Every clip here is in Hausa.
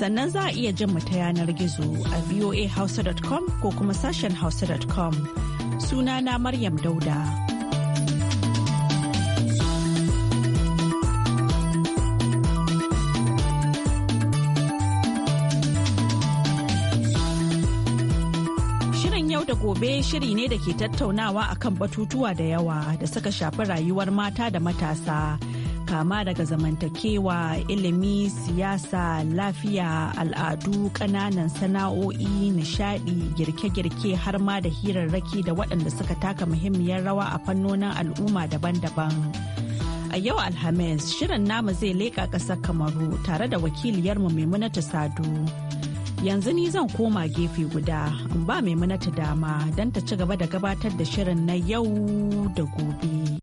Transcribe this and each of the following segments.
sannan za a iya jin mu ta yanar gizo a voahausa.com ko kuma sashen hausa.com na maryam dauda da gobe shiri ne da ke tattaunawa akan batutuwa da yawa da suka shafi rayuwar mata da matasa kama daga zamantakewa ilimi siyasa lafiya al'adu kananan sana'o'i nishadi girke-girke har ma da hirarraki da waɗanda suka taka muhimmiyar rawa a fannonin al'umma daban-daban a yau alhamis shirin namu zai leƙa ƙasar kamaru tare da wakiliyarmu maimunatu sadu yanzu ni zan koma gefe guda in ba maimunatu dama don ta ci gaba da gabatar da shirin na yau da gobe.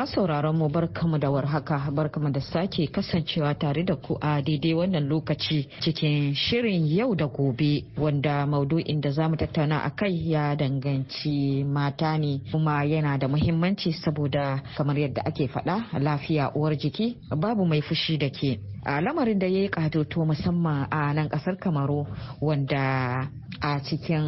masu sauraron mu barkamu da warhaka barkamu da sake kasancewa tare da ku a daidai wannan lokaci cikin shirin yau da gobe wanda maudu'in da za mu tattauna a kai ya danganci mata ne kuma yana da muhimmanci saboda kamar yadda ake faɗa lafiya uwar jiki babu mai fushi da ke a lamarin da ya yi katoto musamman a nan kasar kamaru wanda a cikin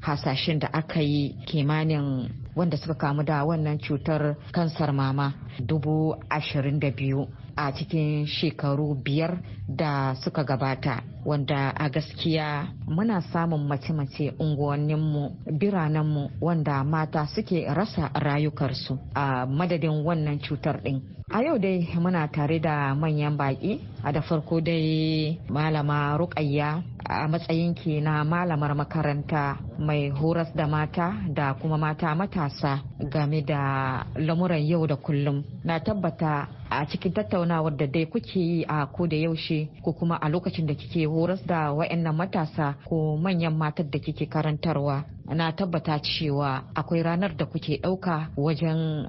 hasashen da aka yi kimanin wanda suka kamu da wannan cutar kansar mama dubu ashirin da biyu a cikin shekaru biyar da suka gabata wanda a gaskiya muna samun mace-mace unguwanninmu biranenmu wanda mata suke rasa rayukarsu a madadin wannan cutar ɗin a yau dai muna tare da manyan baƙi a da farko dai malama rukayya a matsayin ki na malamar makaranta mai horas da mata da kuma mata matasa game da lamuran yau da kullum na tabbata a cikin tattaunawar da dai kuke yi a ko da yaushe ko kuma a lokacin da kike horas da wayannan matasa ko manyan matar da kike karantarwa na tabbata cewa akwai ranar da kuke ɗauka wajen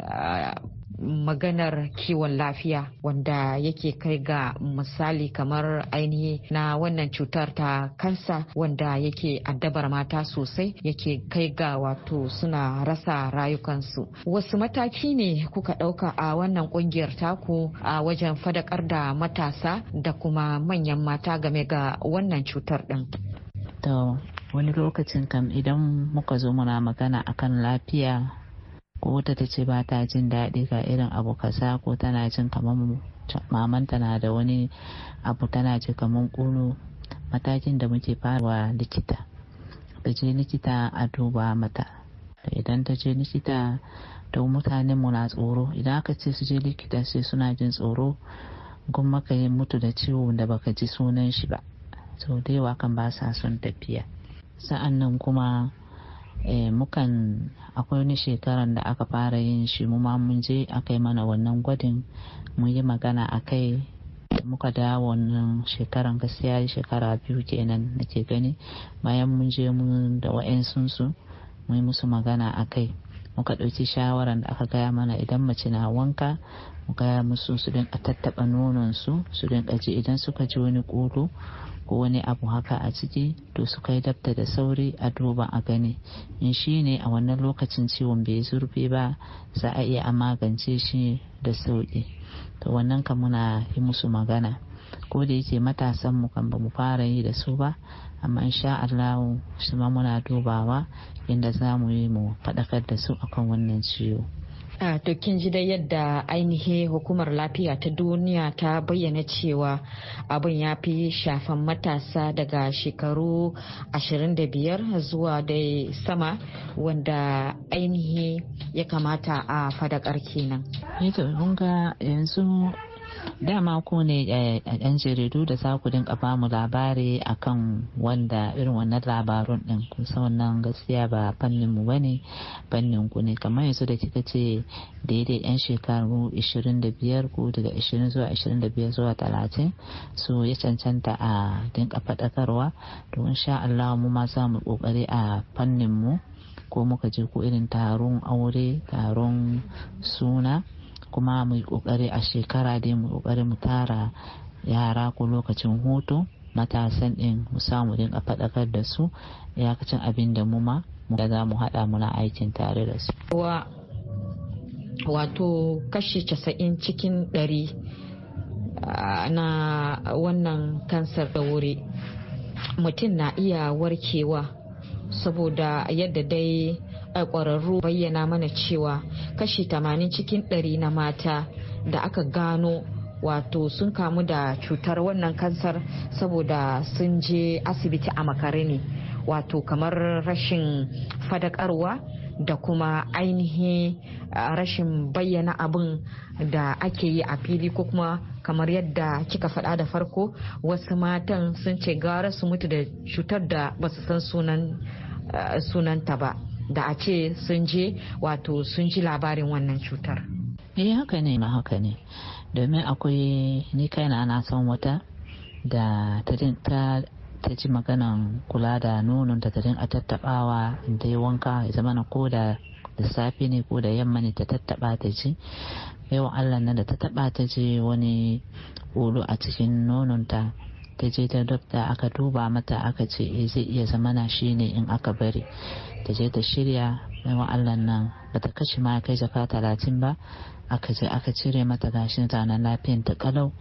maganar kiwon lafiya wanda yake kai ga misali kamar ainihi na wannan cutar ta kansa wanda yake addabar mata sosai yake kai ga wato suna rasa rayukansu wasu mataki ne kuka ɗauka a wannan ƙungiyar taku a wajen fadakar da matasa da kuma manyan mata game ga wannan cutar ɗin wani lokacin kam idan muka zo muna magana akan lafiya ko wata ta ce ba ta jin daɗi ga irin abu kasa ko tana jin kamar mamanta na da wani abu tana jin kamar ƙuno matakin da muke farawa likita ta je likita a duba mata idan ta je likita to mutanen mu na tsoro idan aka ce su je likita sai suna jin tsoro gun maka yi mutu da ciwo da baka ji sunan shi ba sau da yawa kan ba sa son tafiya sa'an kuma Eh, mukan akwai wani shekaran da aka fara yin shi mu ma mun je aka yi mana wannan gwadin mun yi magana a kai muka da wannan shekaran gaskiya shekara biyu kenan nake gani bayan mun je mun da wa'yansu mun yi musu magana a kai muka ɗauki shawaran da aka gaya mana idan mace na wanka mu gaya musu su dinga tattaɓa nononsu su dinga ji idan suka ji wani ƙulu ko wani abu haka a ciki to su kai dabta da sauri a duba a gani in shi ne a wannan lokacin ciwon bai zurfi ba za a iya a magance shi da sauƙi to wannan ka muna yi musu magana ko da yake matasan mu kan bamu fara yi da su ba amma insha Allah su ma muna dubawa inda za mu yi mu faɗakar da su akan wannan ciwo. a to kin ji dai yadda ainihin hukumar lafiya ta duniya ta bayyana cewa abin ya fi shafan matasa daga shekaru 25 zuwa da sama wanda ainihi ya kamata a fadakar kenan. Eh ga yanzu dama ko ne a eh, ɗan jaridu da za ku dinga ba mu labari akan wanda irin wannan labarun ɗin kusa wannan gaskiya ba fannin mu bane fannin ku ne kamar yanzu da kika ce daidai yan shekaru 25 ko daga 20 zuwa 25 zuwa 30 so ya cancanta a dinka faɗakarwa to insha Allah mu ma za mu ƙoƙari a fannin mu ko muka je ko irin taron aure taron suna kuma mu yi kokari a shekara dai mu kokari mu tara yara ko lokacin hutu matasan din mu samu dinga faɗakar da su iyakacin abin da mu ma da za mu haɗa muna aikin tare da su. Wato kashi casa'in cikin dari na wannan kansar da wuri mutum na iya warkewa saboda yadda dai a ƙwararru bayyana mana cewa kashi 80 cikin ɗari na mata da aka gano wato sun kamu da cutar wannan kansar saboda sun je asibiti a makare ne wato kamar rashin fadakarwa da kuma ainihin rashin bayyana abin da ake yi a fili ko kuma kamar yadda kika faɗa da farko wasu matan sun ce gara su mutu da cutar da basu san sunanta ba da a ce sun je wato sun ji labarin wannan cutar. Eh haka ne ma haka ne domin akwai ni kaina na son wata da ta ta ji maganan kula da nonon ta tarin a tattabawa da yi wanka ya zama na ko da safi ne ko da yamma ne ta tattaba ta ji yawan allah na da ta taba ta ji wani olo a cikin nononta ta je ta dokta aka duba mata aka ce eh, zai iya zamana shine in aka bari ta je ta shirya mai wa'allan nan ba ta kashe ma kai jaka talatin ba aka je aka cire mata gashin zanen lafiyan ta kalau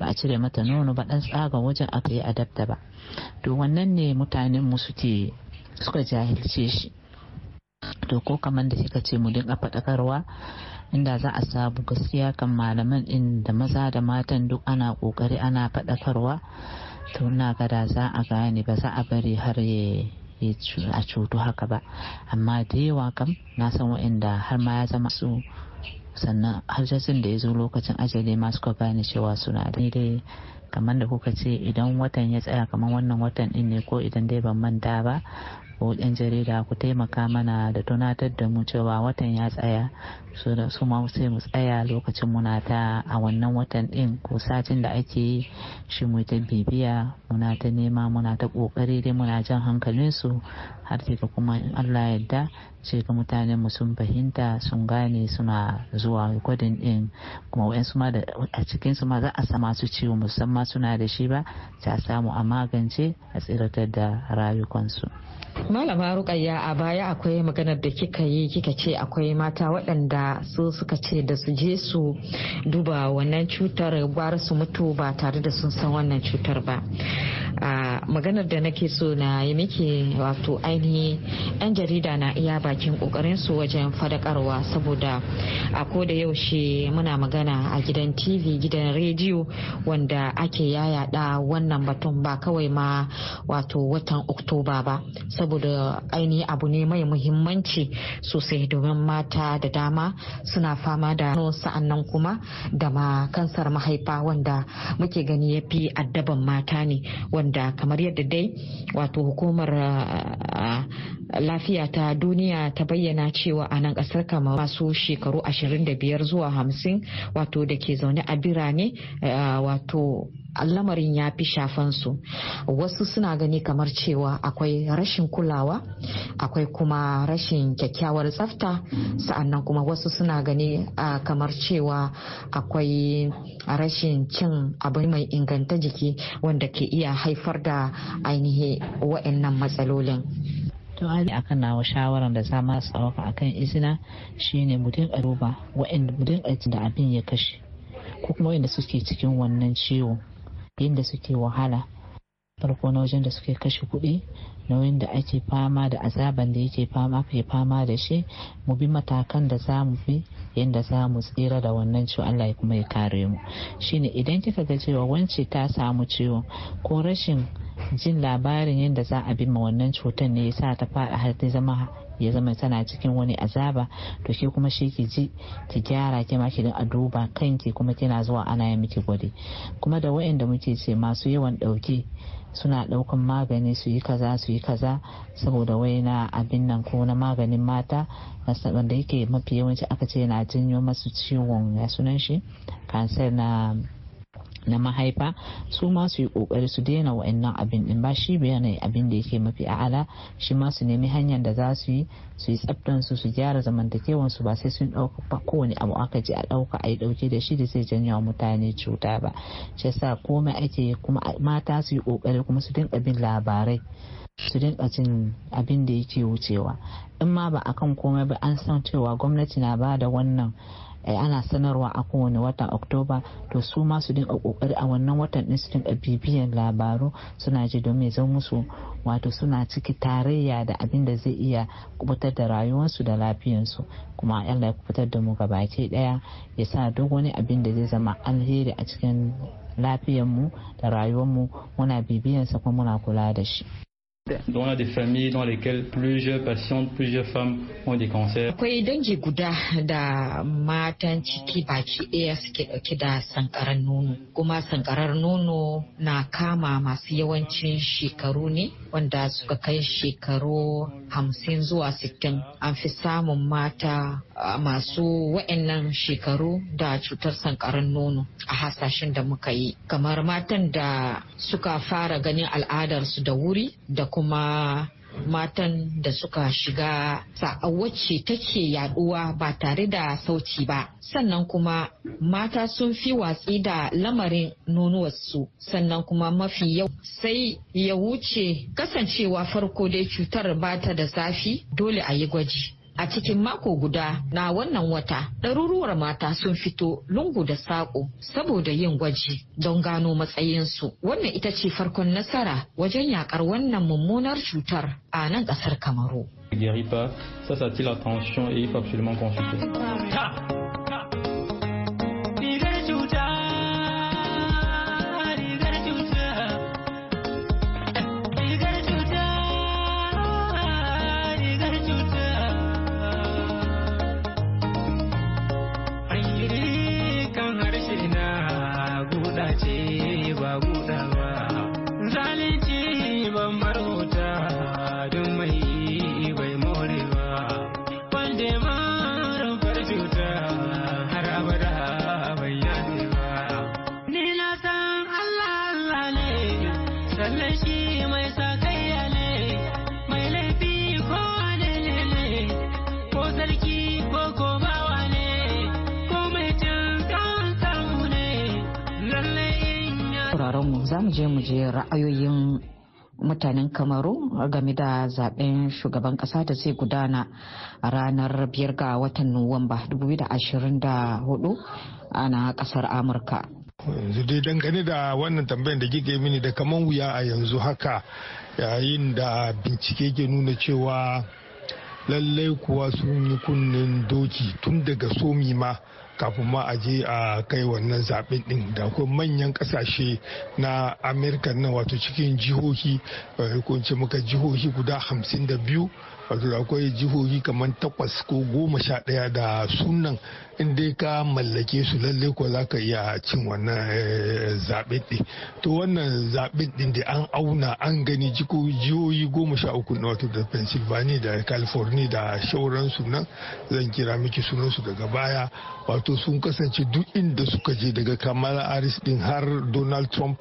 ba a cire mata nono ba dan tsaga wajen aka yi adabta ba to wannan ne mutanen mu suke suka jahilce shi to ko kamar da kika ce mu dinga faɗakarwa inda za a samu gaskiya kan malaman din da maza da matan duk ana kokari ana faɗakarwa to na gada za a gane ba za a bari har ya a cutu haka ba amma da yawa kam na san wa'inda har ma ya zama su sannan harshen da ya zo lokacin ajali ma suka gane cewa suna da dai kamar da kuka ce idan watan ya tsaya kamar wannan watan din ne ko idan dai ban manta ba ko 'yan jarida ku taimaka mana da tunatar da mu cewa watan ya tsaya su da su ma sai mu tsaya lokacin muna ta a wannan watan ɗin ko satin da ake yi shi mu ta bibiya muna ta nema muna ta kokari dai muna jan hankalinsu har ka kuma in Allah yadda sai ka mutanen mu sun fahimta sun gane suna zuwa recording din kuma su ma da a cikin su ma za a sama su ciwo musamman suna da shi ba ta samu a magance a tsiratar da rayukansu. Malama Rukayya a baya akwai maganar da kika yi kika ce akwai mata waɗanda su suka ce da su je su duba wannan cutar gwara su mutu ba tare da sun san wannan cutar ba. Ah, maganar da nake so na yi miki wato ainihi 'yan jarida na iya bakin kokarin su wajen fadakarwa saboda a da yaushe muna magana a gidan tv gidan rediyo wanda ake yayada wannan batun ba kawai ma wato watan oktoba ba saboda ainihi abu ne mai muhimmanci sosai domin mata da dama suna fama da sa'annan kuma da ma kansar mahaifa wanda muke gani ya fi addaban mata ne wanda kamar kamar yadda dai wato hukumar ah, ah, lafiya ta duniya ta bayyana cewa a nan kasar kamar masu shekaru 25 zuwa 50 wato da ke zaune a birane ah, wato lamarin ya fi su wasu suna gani kamar cewa akwai rashin kulawa akwai kuma rashin kyakkyawar tsafta sa'annan kuma wasu suna gani kamar cewa akwai rashin cin abin mai inganta jiki wanda ke iya haifar da ainihin wa'annan matsalolin to akan nawa shawarar da za ma a kan izina shine mu dinga duba wa'anda mu dinga da abin ya kashe ko kuma wa'anda suke cikin wannan ciwo yadda suke wahala farko na wajen da suke kashe kuɗi nauyin da ake fama da azaban da yake fama ke fama da shi mu bi matakan da za mu bi yadda za mu tsira da wannan ciwo Allah ya kuma ya kare mu shine idan kika ga cewa wance ta samu ciwo ko rashin jin labarin yadda za a bi ma wannan cutar ne ya sa ta fara har zama ya zama tana cikin wani azaba to ke kuma shi ki ji ki gyara ki ma ki a duba kanki kuma kina zuwa ana ya miki gwade kuma da waɗanda muke ce masu yawan ɗauke suna ɗaukan magani su yi kaza su yi kaza saboda wai na abin nan ko na maganin mata da yake mafi yawanci aka ce yana janyo masu ciwon ya sunan shi kansar na na mahaifa su ma su yi kokari su daina wa'annan abin din ba shi bayanai abin da yake mafi a'ala shi ma su nemi hanyar da za su yi su yi tsaftan su su gyara zamantakewan su ba sai sun dauka ba kowane abu aka je a dauka a yi dauke da shi da zai janya mutane cuta ba shi yasa komai ake kuma mata su yi kokari kuma su dinga bin labarai su dinga jin abin da yake wucewa in ma ba akan komai ba an san cewa gwamnati na ba da wannan ai eh, ana sanarwa a kowane watan oktoba to su ma su dinga kokari a wannan watan din su dinga bibiyan labaru suna ji domin mai zan musu wato suna ciki tarayya da abin da zai iya kubutar da rayuwarsu da lafiyansu kuma allah ya kubutar da mu gabaki daya ya sa duk wani abin da zai zama alheri a cikin mu da rayuwarmu muna bibiyansa kuma muna kula da shi Dans Akwai dangi guda da matan ciki baki ɗaya suke ɗauke da sankarar nono. Kuma sankarar nono na kama masu yawancin shekaru ne wanda suka kai shekaru hamsin zuwa sittin. An fi samun mata masu wa'annan shekaru da cutar sankaran nono a hasashen da muka yi. Kamar matan da suka fara ganin al'adarsu da wuri da kuma matan da suka shiga sa'a wacce take yaduwa ba tare da sauci ba sannan kuma mata sun fi watsi da lamarin nonuwarsu sannan kuma mafi yau sai ya wuce kasancewa farko dai cutar bata da zafi dole a yi gwaji a cikin mako guda na wannan wata ɗaruruwar mata sun fito lungu da saƙo saboda yin gwaji don gano matsayinsu wannan ita ce farkon nasara wajen yakar wannan mummunar cutar a nan ƙasar kamaru ça, ça attire l'attention et il faut absolument mu za mu je mu je ra'ayoyin mutanen kamaru game da zaben shugaban kasa da zai gudana a ranar biyar ga watan nuwamba 2024 a na kasar amurka yanzu dai dangane da wannan tambayar da kike mini da kaman wuya a yanzu haka yayin da bincike ke nuna cewa lallai kuwa sun yi kunnen doki tun daga somi ma kafin ma a je a kai wannan zaɓen ɗin da kuma manyan kasashe na amerika na wato cikin jihohi eh, ko ce muka jihohi guda hamsin da biyu wato da akwai jihohi kamar takwas ko goma sha ɗaya da sunan in dai ka mallake su lalle ko za ka iya cin wannan eh, zaɓen ɗin to wannan zaɓen ɗin da an auna an gani jihohi goma sha uku na wato da pennsylvania da california da shauransu nan zan kira miki sunansu daga baya wato sun kasance duk inda suka je daga kamala harris ɗin har donald trump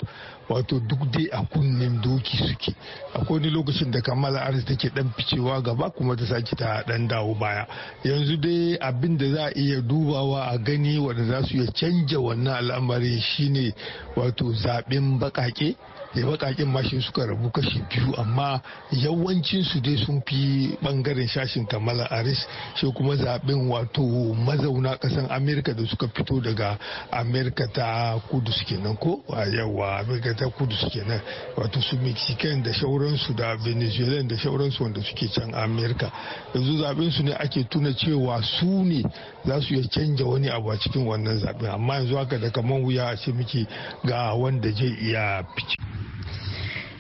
wato duk dai a kunnen doki suke akwai wani lokacin da kamala aris take dan ficewa gaba kuma ta sake ta dan dawo baya yanzu dai abin da za a iya duba dubawa a gani wanda za su iya canja wannan al'amari shine wato zaɓen baƙaƙe da bakakin mashi suka rabu kashi biyu amma yawancin su dai sun fi bangaren shashin kamala aris shi kuma zaben wato mazauna kasan amerika da suka fito daga amerika ta kudu suke nan ko a yawa amerika ta kudu suke nan wato su mexican da shauransu da venezuelan da shauransu wanda suke can amerika yanzu zaben su ne ake tuna cewa su ne za su iya canja wani abu a cikin wannan zaben amma yanzu haka da kaman wuya a ce muke ga wanda zai iya fice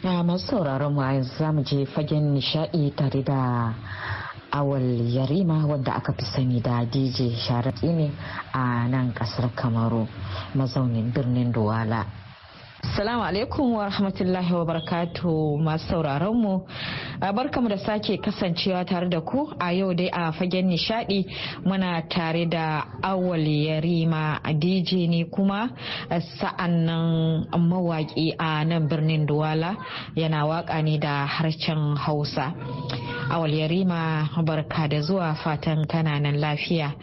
masu sauraron mu yanzu za mu je fagen nishadi tare da awal yarima wadda aka fi sani da dj sharaki ne a nan kasar kamaru mazaunin birnin duwala Salamu alaikum wa rahmatullahi wa barakatu masu sauraron mu. Barkamu da sake kasancewa tare da ku a yau dai a fagen nishadi muna tare da awal yarima DJ ne kuma sa'an nan mawaƙi a nan birnin Duwala yana waka ne da harshen Hausa. Awal yarima barka da zuwa fatan nan lafiya.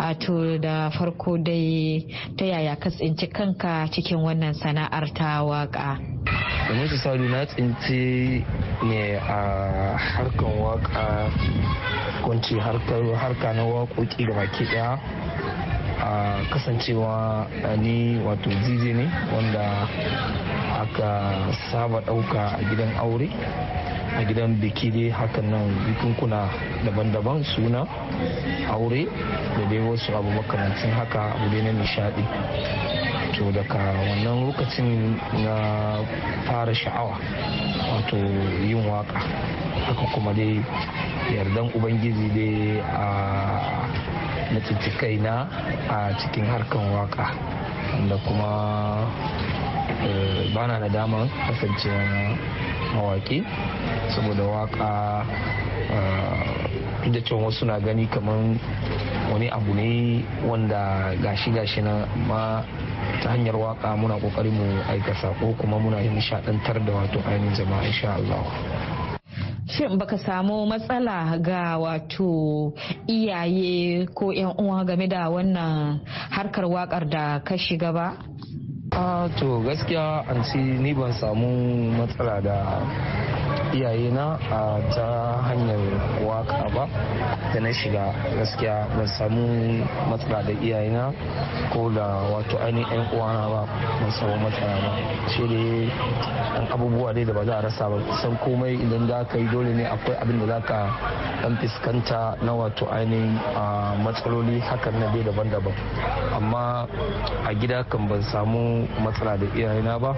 A to da farko dai ta yaya ka tsinci kanka cikin wannan sana'ar ta waka da musu sadu na tsinci ne a harkar waka kunci harka na waƙoƙi da baki ɗaya a kasancewa ni wato jiji ne wanda aka saba ɗauka a gidan aure a gidan biki dai hakan nan bikunkuna daban-daban suna aure da dai wasu abu makamancin haka abu ne na nishadi to daga wannan lokacin na fara sha'awa wato yin waka haka kuma dai yardan ubangiji dai a na kai na a cikin harkan waka wanda kuma eh, bana da nadamar kasancewa mawaki saboda waka eh, da cewa wasu na gani kamar wani abu ne wanda gashi gashi na ma ta hanyar waka muna kokari mu aika sako kuma muna yin nishadantar da wato ainihin jama'a insha Allah shin baka samu matsala ga wato iyaye ko yan uwa game da wannan harkar wakar da ka shiga ba to gaskiya an ci ni ban samu matsala da iyayena a ta hanyar waka ba da na shiga gaskiya ban samu matsala da iyayena ko da wato ainihin yan uwana ba ban samu matsala ba shi dai an abubuwa dai da ba za a rasa ba san komai idan za ka yi dole ne akwai abin da za ka dan fiskanta na wato ainihin matsaloli hakan na dai daban-daban amma a gida kan ban samu matsala da iyayena ba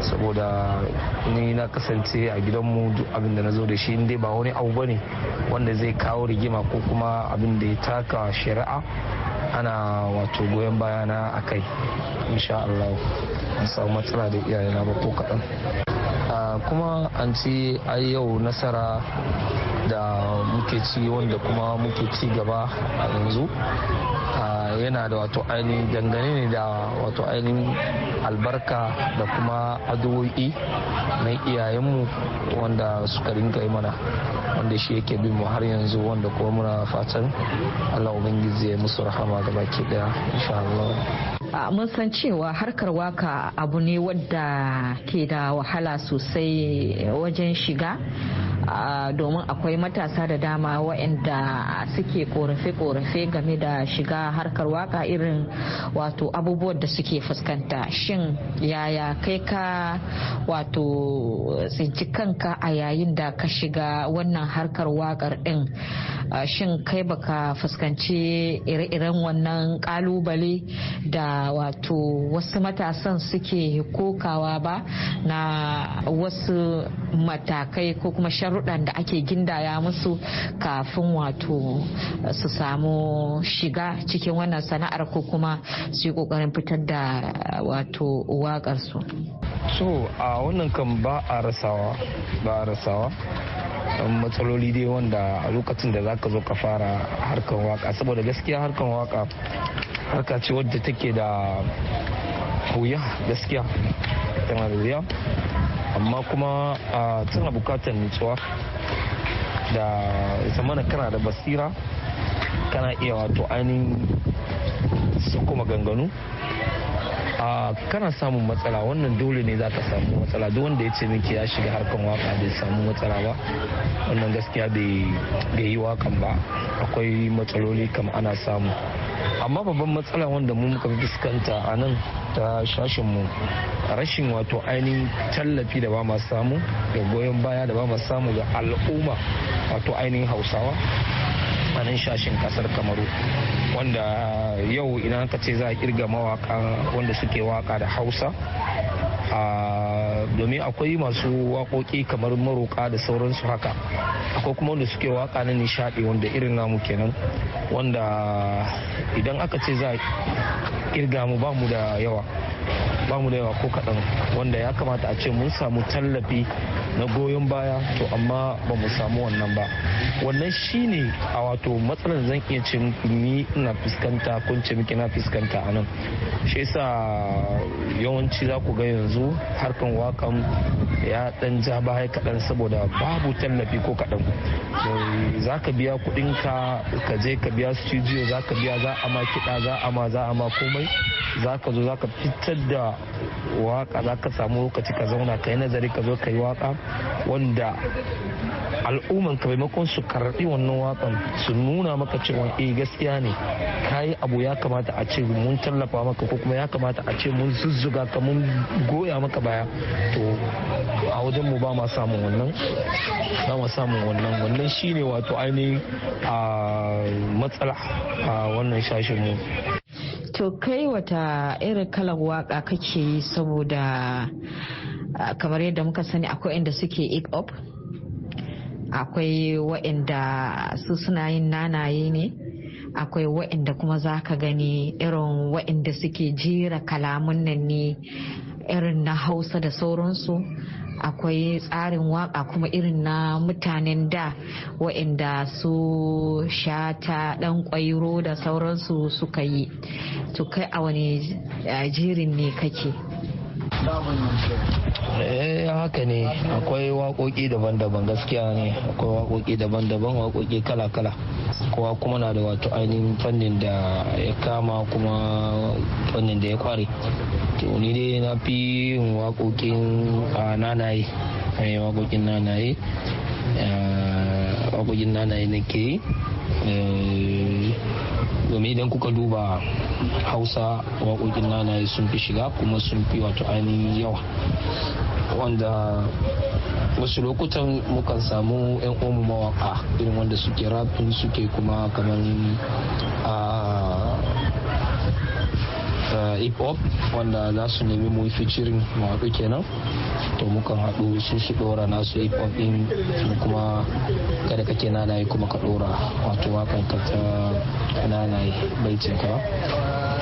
saboda ni na kasance a gidanmu duk abin da na zo da shi dai ba wani abu ba ne wanda zai kawo rigima ko kuma abin da ya taka shari'a ana wato goyon bayana a kai insha Allah an samu matsala da iyayena ba ko kaɗan kuma an ci ai yau nasara da muke ci wanda kuma muke ci gaba a yanzu yana da wato ainihin dangane ne da wato ainihin albarka da kuma addu'o'i na iyayenmu wanda suka rinka yi mana wanda shi yake bin mu har yanzu wanda kuma muna fatan Allah ubangiji ya musu rahama gaba ke daya insha Allah mun san cewa harkar waka abu ne wadda ke da wahala sosai wajen shiga domin akwai matasa da dama waɗanda suke korafe-korafe game da shiga harkar waka irin wato abubuwan da suke fuskanta shin yaya kai ka wato tsinci kanka a yayin da ka shiga wannan harkar wakar ɗin shin kai baka fuskanci ire-iren wannan kalubale da wato wasu matasan suke kokawa ba na wasu matakai ko kuma sharuɗan da ake gindaya musu kafin wato su samu shiga cikin wannan sana'ar ko kuma su yi ƙoƙarin fitar da wato waƙarsu. so a wannan kan ba a rasawa ba a rasawa matsaloli dai wanda a lokacin da zaka zo ka fara harkar waka saboda gaskiya harkar waka harka ce wadda take da wuya gaskiya tana da wuya amma kuma tana bukatar nutsuwa da zamana kana da basira kana iya wato ainihin su kuma ganganu a kana samun matsala wannan dole ne za ka samu matsala duk wanda ya ce miki ya shiga harkan waka bai samu matsala ba wannan gaskiya bai yi wakan ba akwai matsaloli kam ana samu amma babban matsala wanda mu muka fuskanta a nan ta mu rashin wato ainihin tallafi da ba ma samu da goyon baya da ba ma samu ga al'umma wato ainihin hausawa tsakanin shashin kasar kamaru wanda yau idan ka ce za a kirga mawaka wanda suke waka da hausa domin akwai masu waƙoƙi kamar maroka da sauransu haka akwai kuma wanda suke waka na nishadi wanda irin namu kenan wanda idan aka ce za a kirga mu bamu da yawa ba mu da yawa ko kaɗan wanda ya kamata a ce mun samu tallafi na goyon baya to amma ba mu samu wannan ba wannan shine a wato matsalar zan iya ce ni ina fuskanta kun ce miki na fuskanta a nan shi yasa yawanci za ku ga yanzu harkan wakan ya dan ja baya kaɗan saboda babu tallafi ko kaɗan za ka biya kuɗinka ka ka je ka biya studio za ka biya za a ma kiɗa za a ma za a ma komai za ka zo za ka fitar da waka za ka samu lokaci ka zauna ka yi nazari ka zo ka yi waka wanda al'umman ka maimakon su karɓi wannan wakan su nuna maka cewa eh gaskiya ne kayi abu ya kamata a ce mun tallafa maka ko kuma ya kamata a ce mun zuzzuga ka mun goya maka baya to a wajen mu ba ma samun wannan ba ma samun wannan wannan shine wato ainihin a matsala a wannan shashin mu to kai wata irin kalar waka kake yi saboda Ah, kamar yadda muka sani akwai inda suke egg up akwai wa'inda su suna yin nanaye ne akwai wa'inda kuma za ka gani irin wa'inda suke jera kalamun nan ne irin na hausa da sauransu akwai tsarin waka kuma irin na mutanen da wa'inda su shata dan kwairo da sauransu suka yi to kai a wani eh, jirin ne kake eh haka ne akwai waƙoƙi daban-daban gaskiya ne akwai wakoki daban-daban wakoki kala-kala kowa kuma na da wato ainihin fannin da ya kama kuma fannin da ya kware ni dai na fi yin waƙoƙin nanaye eh, wakokin nanaye eh, wakokin nanaye nake yi eh, domin idan kuka duba hausa waƙoƙin nanaye sun fi shiga kuma sun fi wato ainihin yawa wanda wasu lokutan mukan samu 'yan uwanmu mawaka irin wanda suke rafin suke kuma kamar ah, hip hop wanda za su nemi mu featuring mu haɗu kenan to mukan haɗu su su ɗora nasu hip hop ɗin kuma kada kake nanaye kuma ka ɗora wato wakan ka ta nanaye baitin ka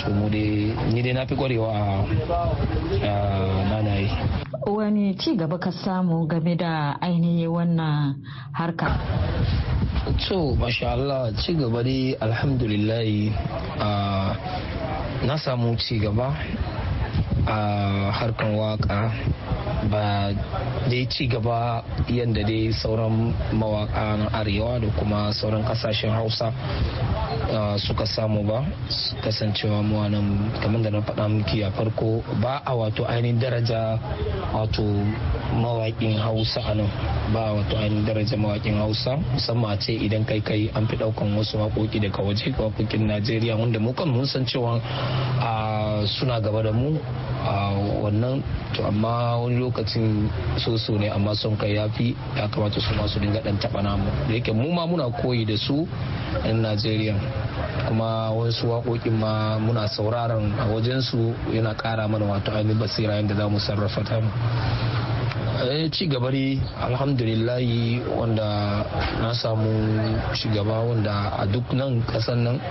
to mu dai ni dai na fi ƙwarewa a nanaye wani ci gaba ka samu game da ainihi wannan harka to masha Allah ci gaba dai alhamdulillah na samu cigaba gaba a harkan waka ba dai ci gaba yadda dai sauran mawakan arewa da kuma sauran kasashen hausa suka samu ba kasancewa mu nan kamar da na faɗa miki a farko ba a wato ainihin daraja wato mawaƙin hausa a nan ba a wato ainihin daraja mawaƙin hausa musamman a ce idan kai kai an fi ɗaukan wasu waƙoƙi daga waje waƙoƙin najeriya wanda mu kan mun san cewa a suna gaba da mu a wannan to amma wani lokacin so ne amma son kai ya fi ya kamata su masu dinga dan taba namu da yake mu ma muna koyi da su yan najeriya kuma wasu waƙoƙin ma muna sauraron a wajen su yana ƙara mana wato ainihin basira yadda za mu sarrafa ta mu Eh, ci gaba ne alhamdulillahi wanda na samu shugaba wanda a duk nan kasan nan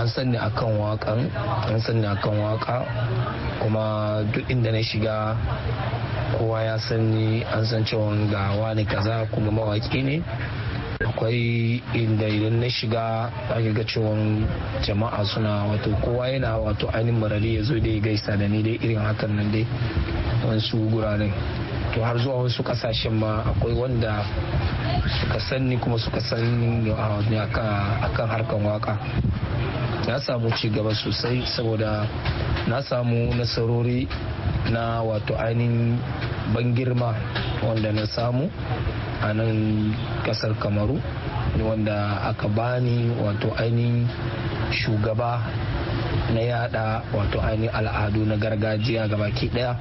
an sanni akan wakan an sanni akan waka kuma duk inda na shiga kowa ya sanni an san cewa ga wani kaza kuma mawaki ne akwai inda idan na shiga ake ga cewa jama'a suna wato kowa yana wato ainihin marali ya zo dai gaisa da ni dai irin hakan nan dai wasu guraren to har zuwa wasu kasashen ma akwai wanda suka sani kuma suka san kan harkar waka na samu ci gaba sosai saboda na samu nasarori na wato ainihin ban girma wanda na samu a nan kasar kamaru wanda aka bani wato ainihin shugaba na yada wato ainihin al'adu na gargajiya gabaki daya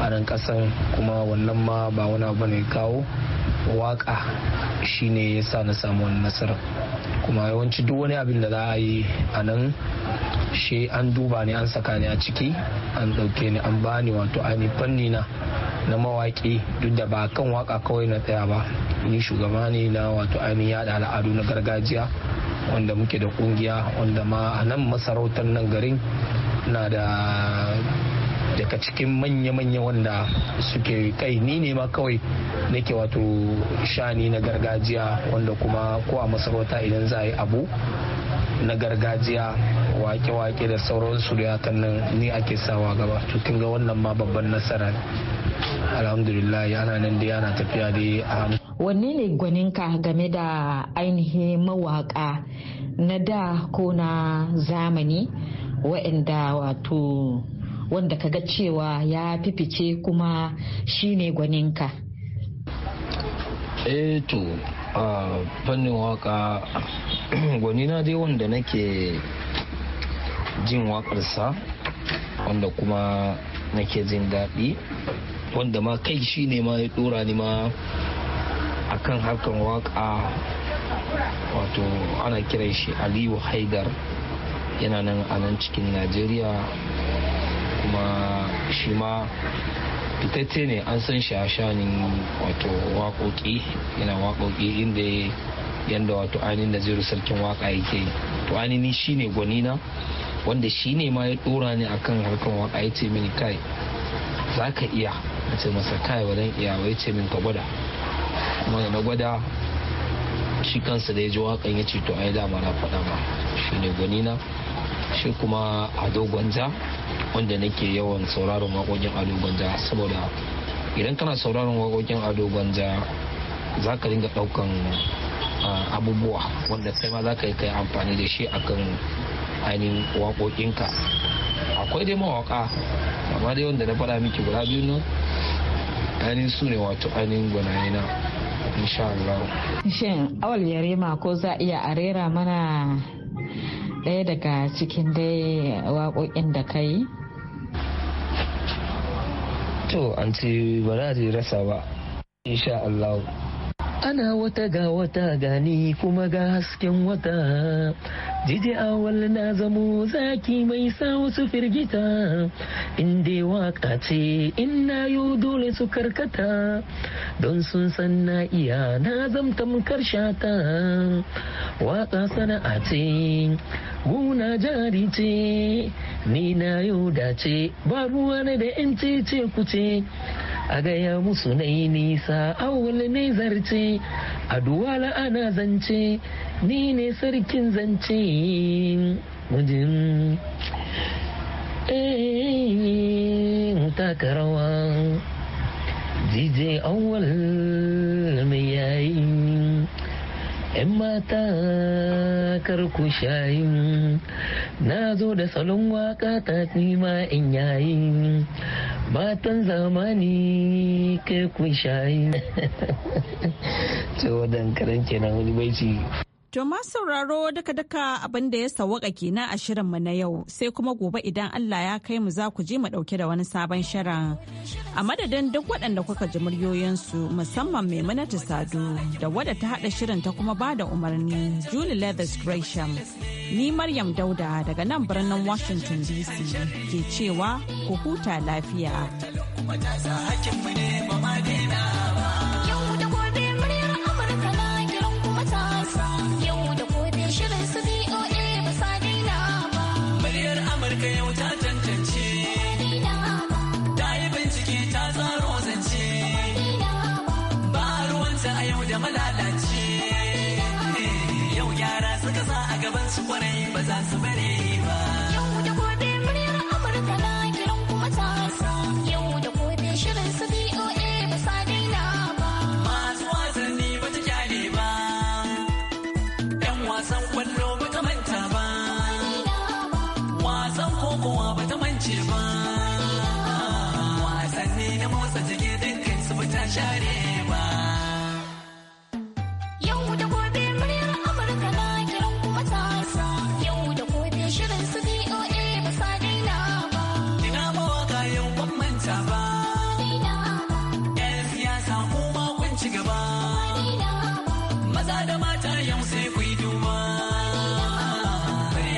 a nan kasar kuma wannan ma ba wani abu ne kawo waka shine ya sa na samu wani nasarar kuma yawanci duk wani abin da za a yi a nan shi an duba ne an saka ni a ciki an dauke ni an bani wato ainihin fanni na na mawaƙi duk da ba kan waka kawai na tsaya ba ni shugaba ne na wato ainihin yada al'adu na gargajiya wanda muke da kungiya wanda ma a nan masarautar nan garin na da daga cikin manya-manya wanda suke kai ni ne ma kawai nake wato shani na gargajiya wanda kuma ko a masarauta idan za a yi abu na gargajiya wake-wake da sauransu da yakan nan ni ake sawa gaba to ga wannan ma babban nasara alhamdulillah ana nan da yana tafiya dai a wanne ne gwaninka game da ainihin mawaka na da ko na zamani wa'anda wato wanda kaga cewa ya fifice kuma shine gwaninka eh to a fannin waka gwanina dai wanda nake jin wakarsa wanda kuma nake jin daɗi wanda ma kai shine ma ya dora ni ma akan harkan waka wato ana kiran shi aliyu haidar yana nan a nan cikin najeriya kuma shi ma fitacce ne an san shi a shanin wato waƙoƙi yana waƙoƙi inda yadda wato ainihin da zai sarkin waka yake to ainihin shi ne gwanina wanda shi ne ma ya ɗora ni akan harkar waka ya ce mini kai za ka iya a ce masa kai wadan iya ya ce min ka gwada kuma da na gwada shi kansa da ya ji wakan ya ce to ai dama na faɗa ma shi ne shi kuma ado gwanza wanda nake yawan sauraron waƙoƙin ado gwanza saboda idan kana sauraron waƙoƙin ado gwanza za ka dinga ɗaukan abubuwa wanda kai ma za ka yi kai amfani da shi akan ainihin waƙoƙinka akwai dai mawaƙa amma dai wanda na faɗa miki guda biyu nan ainihin su ne wato ainihin gwanayena. insha Shin awal yarima ko za iya arera rera mana ɗaya daga cikin dai waƙoƙin da ka yi? To, an ce ba za rasa ba, insha Allah. ana wata ga wata gani kuma ga hasken wata Jiji awal na zamo zaki mai sa wasu firgita inda waka ce ina yi dole su karkata don sun san na iya na zamtam karshata waka sana'a ce guna jari ce ni na yau dace ba ruwa ne da 'yan ce ce a gaya musu na yi nisa awul ne zarce a duwala ana zance ni ne sarkin zance mujin taka rawa jije awal 'yan mata karku shayin na zo da salon waka ta ma in yayin matan zamani kai ku shayin ce wadankaran kenan wani baici To ma sauraro daka-daka abin da ya sawaka kenan a shirinmu na yau sai kuma gobe idan Allah ya kai mu za ku je mu dauke da wani sabon shirin. A madadin duk waɗanda kuka ji muryoyinsu musamman mai Maimunatu sadu, da wadda ta haɗa shirin ta kuma ba da umarni Julie Leathers Gresham. Ni Maryam Dauda daga nan birnin Washington DC ke cewa ku huta lafiya. Kuma ta sa hakkin mu ne ba ma